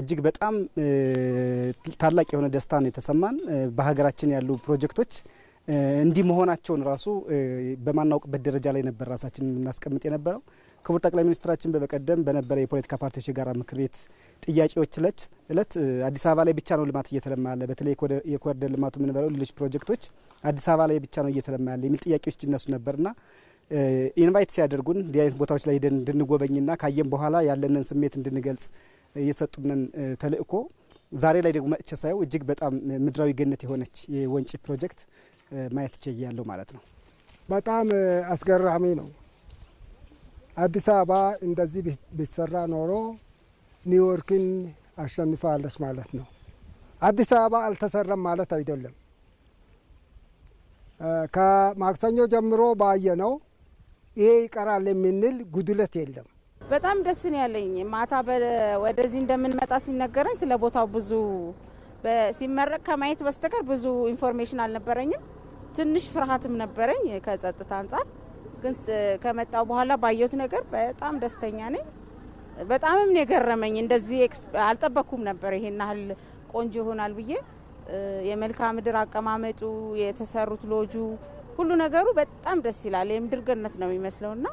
እጅግ በጣም ታላቅ የሆነ ደስታ ነው የተሰማን። በሀገራችን ያሉ ፕሮጀክቶች እንዲህ መሆናቸውን ራሱ በማናውቅበት ደረጃ ላይ ነበር ራሳችን የምናስቀምጥ የነበረው። ክቡር ጠቅላይ ሚኒስትራችን በበቀደም በነበረ የፖለቲካ ፓርቲዎች የጋራ ምክር ቤት ጥያቄዎች እለት እለት አዲስ አበባ ላይ ብቻ ነው ልማት እየተለማ ያለ በተለይ የኮሪደር ልማቱ የምንበለው ሌሎች ፕሮጀክቶች አዲስ አበባ ላይ ብቻ ነው እየተለማ ያለ የሚል ጥያቄዎች ይነሱ ነበርና ኢንቫይት ሲያደርጉን እንዲህ አይነት ቦታዎች ላይ ሄደን እንድንጎበኝና ካየን በኋላ ያለንን ስሜት እንድንገልጽ የተሰጡንን ተልእኮ ዛሬ ላይ ደግሞ መጥቼ ሳየው እጅግ በጣም ምድራዊ ገነት የሆነች የወንጪ ፕሮጀክት ማየት ችያለሁ ማለት ነው። በጣም አስገራሚ ነው። አዲስ አበባ እንደዚህ ቢሰራ ኖሮ ኒውዮርክን አሸንፋለች ማለት ነው። አዲስ አበባ አልተሰራም ማለት አይደለም። ከማክሰኞ ጀምሮ ባየ ነው ይሄ ይቀራል የምንል ጉድለት የለም። በጣም ደስ ነው ያለኝ። ማታ ወደዚህ እንደምንመጣ ሲነገረኝ ስለ ቦታው ብዙ ሲመረቅ ከማየት በስተቀር ብዙ ኢንፎርሜሽን አልነበረኝም። ትንሽ ፍርሃትም ነበረኝ ከጸጥታ አንጻር። ግን ከመጣው በኋላ ባየሁት ነገር በጣም ደስተኛ ነኝ። በጣምም የገረመኝ። እንደዚህ አልጠበኩም ነበር ይሄን ያህል ቆንጆ ይሆናል ብዬ። የመልክዓ ምድር አቀማመጡ፣ የተሰሩት ሎጁ፣ ሁሉ ነገሩ በጣም ደስ ይላል። የምድር ገነት ነው የሚመስለውና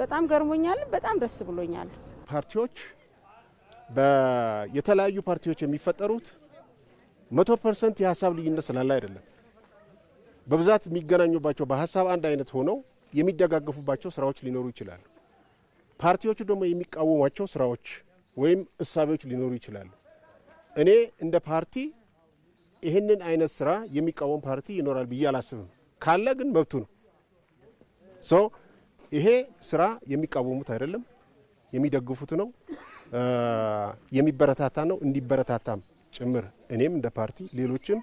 በጣም ገርሞኛል። በጣም ደስ ብሎኛል። ፓርቲዎች የተለያዩ ፓርቲዎች የሚፈጠሩት መቶ ፐርሰንት የሀሳብ ልዩነት ስላለ አይደለም። በብዛት የሚገናኙባቸው በሀሳብ አንድ አይነት ሆነው የሚደጋገፉባቸው ስራዎች ሊኖሩ ይችላሉ። ፓርቲዎቹ ደግሞ የሚቃወሟቸው ስራዎች ወይም እሳቤዎች ሊኖሩ ይችላሉ። እኔ እንደ ፓርቲ ይህንን አይነት ስራ የሚቃወም ፓርቲ ይኖራል ብዬ አላስብም። ካለ ግን መብቱ ነው። ይሄ ስራ የሚቃወሙት አይደለም፣ የሚደግፉት ነው፣ የሚበረታታ ነው። እንዲበረታታም ጭምር እኔም እንደ ፓርቲ ሌሎችም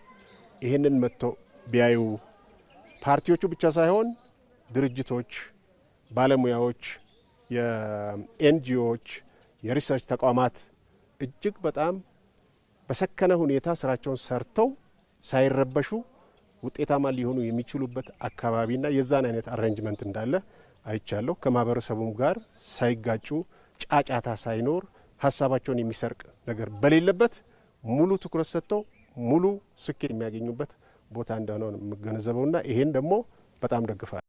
ይሄንን መጥቶ ቢያዩ ፓርቲዎቹ ብቻ ሳይሆን ድርጅቶች፣ ባለሙያዎች፣ የኤንጂኦዎች፣ የሪሰርች ተቋማት እጅግ በጣም በሰከነ ሁኔታ ስራቸውን ሰርተው ሳይረበሹ ውጤታማ ሊሆኑ የሚችሉበት አካባቢና የዛን አይነት አሬንጅመንት እንዳለ አይቻለሁ። ከማህበረሰቡም ጋር ሳይጋጩ ጫጫታ ሳይኖር ሀሳባቸውን የሚሰርቅ ነገር በሌለበት ሙሉ ትኩረት ሰጥተው ሙሉ ስኬት የሚያገኙበት ቦታ እንደሆነ የምገነዘበውና ይሄን ደግሞ በጣም ደግፋል።